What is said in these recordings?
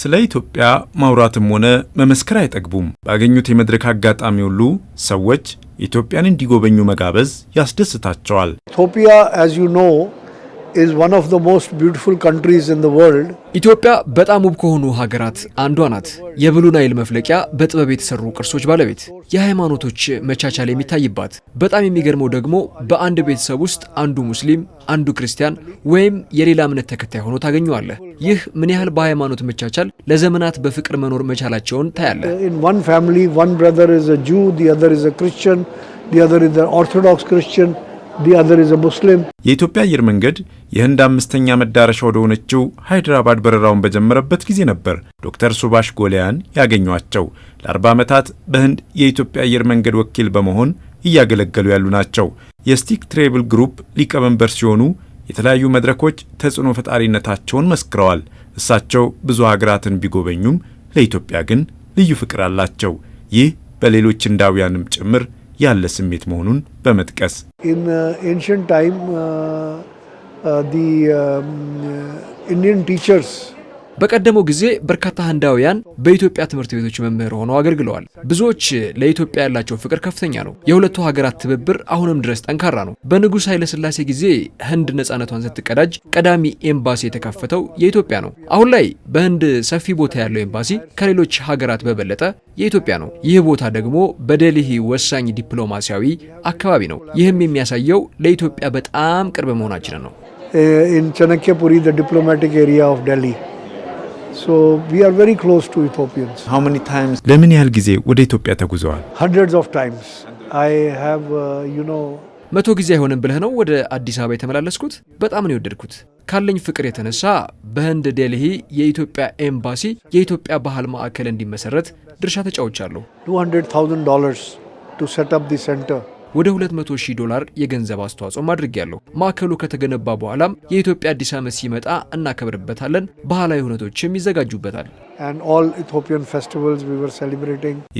ስለ ኢትዮጵያ ማውራትም ሆነ መመስከር አይጠግቡም። ባገኙት የመድረክ አጋጣሚ ሁሉ ሰዎች ኢትዮጵያን እንዲጎበኙ መጋበዝ ያስደስታቸዋል። ኢትዮጵያ as you ኢትዮጵያ በጣም ውብ ከሆኑ ሀገራት አንዷ ናት። የብሉ ናይል መፍለቂያ በጥበብ የተሰሩ ቅርሶች ባለቤት፣ የሃይማኖቶች መቻቻል የሚታይባት። በጣም የሚገርመው ደግሞ በአንድ ቤተሰብ ውስጥ አንዱ ሙስሊም፣ አንዱ ክርስቲያን ወይም የሌላ እምነት ተከታይ ሆኖ ታገኘዋለህ። ይህ ምን ያህል በሃይማኖት መቻቻል ለዘመናት በፍቅር መኖር መቻላቸውን ታያለህ። ኦርቶዶክስ ክርስቲያን የኢትዮጵያ አየር መንገድ የህንድ አምስተኛ መዳረሻ ወደ ሆነችው ሃይድራባድ በረራውን በጀመረበት ጊዜ ነበር ዶክተር ሱባሽ ጎሊያን ያገኟቸው። ለ40 ዓመታት በህንድ የኢትዮጵያ አየር መንገድ ወኪል በመሆን እያገለገሉ ያሉ ናቸው። የስቲክ ትሬብል ግሩፕ ሊቀመንበር ሲሆኑ የተለያዩ መድረኮች ተጽዕኖ ፈጣሪነታቸውን መስክረዋል። እሳቸው ብዙ ሀገራትን ቢጎበኙም ለኢትዮጵያ ግን ልዩ ፍቅር አላቸው። ይህ በሌሎች ህንዳውያንም ጭምር ያለ ስሜት መሆኑን በመጥቀስ ኢንሽንት ታይም ኢንዲያን ቲቸርስ በቀደመው ጊዜ በርካታ ህንዳውያን በኢትዮጵያ ትምህርት ቤቶች መምህር ሆነው አገልግለዋል። ብዙዎች ለኢትዮጵያ ያላቸው ፍቅር ከፍተኛ ነው። የሁለቱ ሀገራት ትብብር አሁንም ድረስ ጠንካራ ነው። በንጉሥ ኃይለሥላሴ ጊዜ ህንድ ነፃነቷን ስትቀዳጅ ቀዳሚ ኤምባሲ የተከፈተው የኢትዮጵያ ነው። አሁን ላይ በህንድ ሰፊ ቦታ ያለው ኤምባሲ ከሌሎች ሀገራት በበለጠ የኢትዮጵያ ነው። ይህ ቦታ ደግሞ በደልሂ ወሳኝ ዲፕሎማሲያዊ አካባቢ ነው። ይህም የሚያሳየው ለኢትዮጵያ በጣም ቅርብ መሆናችንን ነው። ኢን ቸነኬፑሪ ዲፕሎማቲክ ኤሪያ ኦፍ ደልሂ ለምን ያህል ጊዜ ወደ ኢትዮጵያ ተጉዘዋል? Uh, መቶ ጊዜ አይሆንም ብለህ ነው ወደ አዲስ አበባ የተመላለስኩት? በጣም ነው የወደድኩት። ካለኝ ፍቅር የተነሳ በህንድ ዴልሂ የኢትዮጵያ ኤምባሲ የኢትዮጵያ ባህል ማዕከል እንዲመሰረት ድርሻ ተጫውቻለሁ። ወደ 200000 ሺህ ዶላር የገንዘብ አስተዋጽኦም አድርጌያለሁ። ማዕከሉ ከተገነባ በኋላም የኢትዮጵያ አዲስ ዓመት ሲመጣ እናከብርበታለን። ባህላዊ ሁነቶችም ይዘጋጁበታል።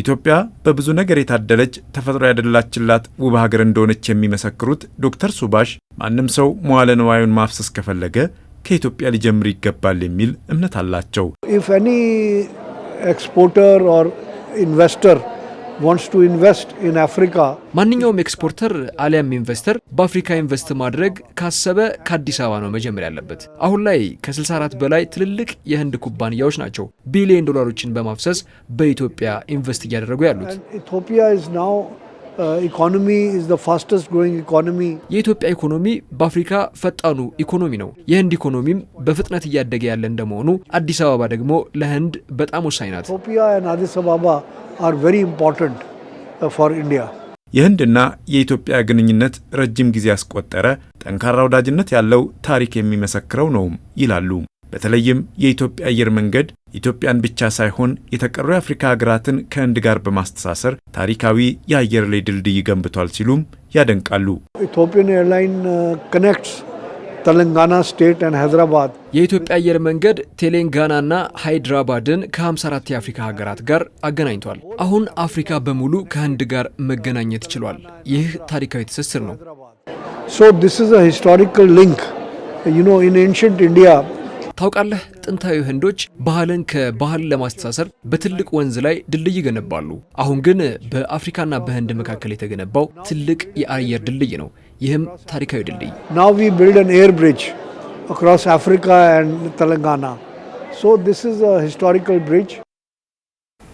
ኢትዮጵያ በብዙ ነገር የታደለች ተፈጥሮ ያደላችላት ውብ ሀገር እንደሆነች የሚመሰክሩት ዶክተር ሱባሽ ማንም ሰው መዋለ ንዋዩን ማፍሰስ ከፈለገ ከኢትዮጵያ ሊጀምር ይገባል የሚል እምነት አላቸው። ኢፍ ኤክስፖርተር ኢንቨስተር ማንኛውም ኤክስፖርተር አሊያም ኢንቨስተር በአፍሪካ ኢንቨስት ማድረግ ካሰበ ከአዲስ አበባ ነው መጀመር ያለበት። አሁን ላይ ከ64 በላይ ትልልቅ የህንድ ኩባንያዎች ናቸው ቢሊዮን ዶላሮችን በማፍሰስ በኢትዮጵያ ኢንቨስት እያደረጉ ያሉት። Uh, የኢትዮጵያ ኢኮኖሚ በአፍሪካ ፈጣኑ ኢኮኖሚ ነው። የህንድ ኢኮኖሚም በፍጥነት እያደገ ያለ እንደመሆኑ አዲስ አበባ ደግሞ ለህንድ በጣም ወሳኝ ናት። uh, የህንድና የኢትዮጵያ ግንኙነት ረጅም ጊዜ ያስቆጠረ ጠንካራ ወዳጅነት ያለው ታሪክ የሚመሰክረው ነው ይላሉ በተለይም የኢትዮጵያ አየር መንገድ ኢትዮጵያን ብቻ ሳይሆን የተቀሩ የአፍሪካ ሀገራትን ከህንድ ጋር በማስተሳሰር ታሪካዊ የአየር ላይ ድልድይ ገንብቷል ሲሉም ያደንቃሉ። ኢትዮጵያን ኤርላይን ኮኔክትስ ተለንጋና ስቴት ሃይድራባድ የኢትዮጵያ አየር መንገድ ቴሌንጋና ና ሃይድራባድን ከ54 የአፍሪካ ሀገራት ጋር አገናኝቷል። አሁን አፍሪካ በሙሉ ከህንድ ጋር መገናኘት ችሏል። ይህ ታሪካዊ ትስስር ነው። ሶ ዲስ ኢዝ አ ሂስቶሪካል ሊንክ ዩ ኖ ኢን ኤንሽንት ኢንዲያ ታውቃለህ፣ ጥንታዊ ህንዶች ባህልን ከባህል ለማስተሳሰር በትልቅ ወንዝ ላይ ድልድይ ይገነባሉ። አሁን ግን በአፍሪካና በህንድ መካከል የተገነባው ትልቅ የአየር ድልድይ ነው። ይህም ታሪካዊ ድልድይ ናው ዊ ቢልድ አን ኤር ብሪጅ አክሮስ አፍሪካ ኤንድ ተለንጋና ሶ ዲስ ኢዝ አ ሂስቶሪካል ብሪጅ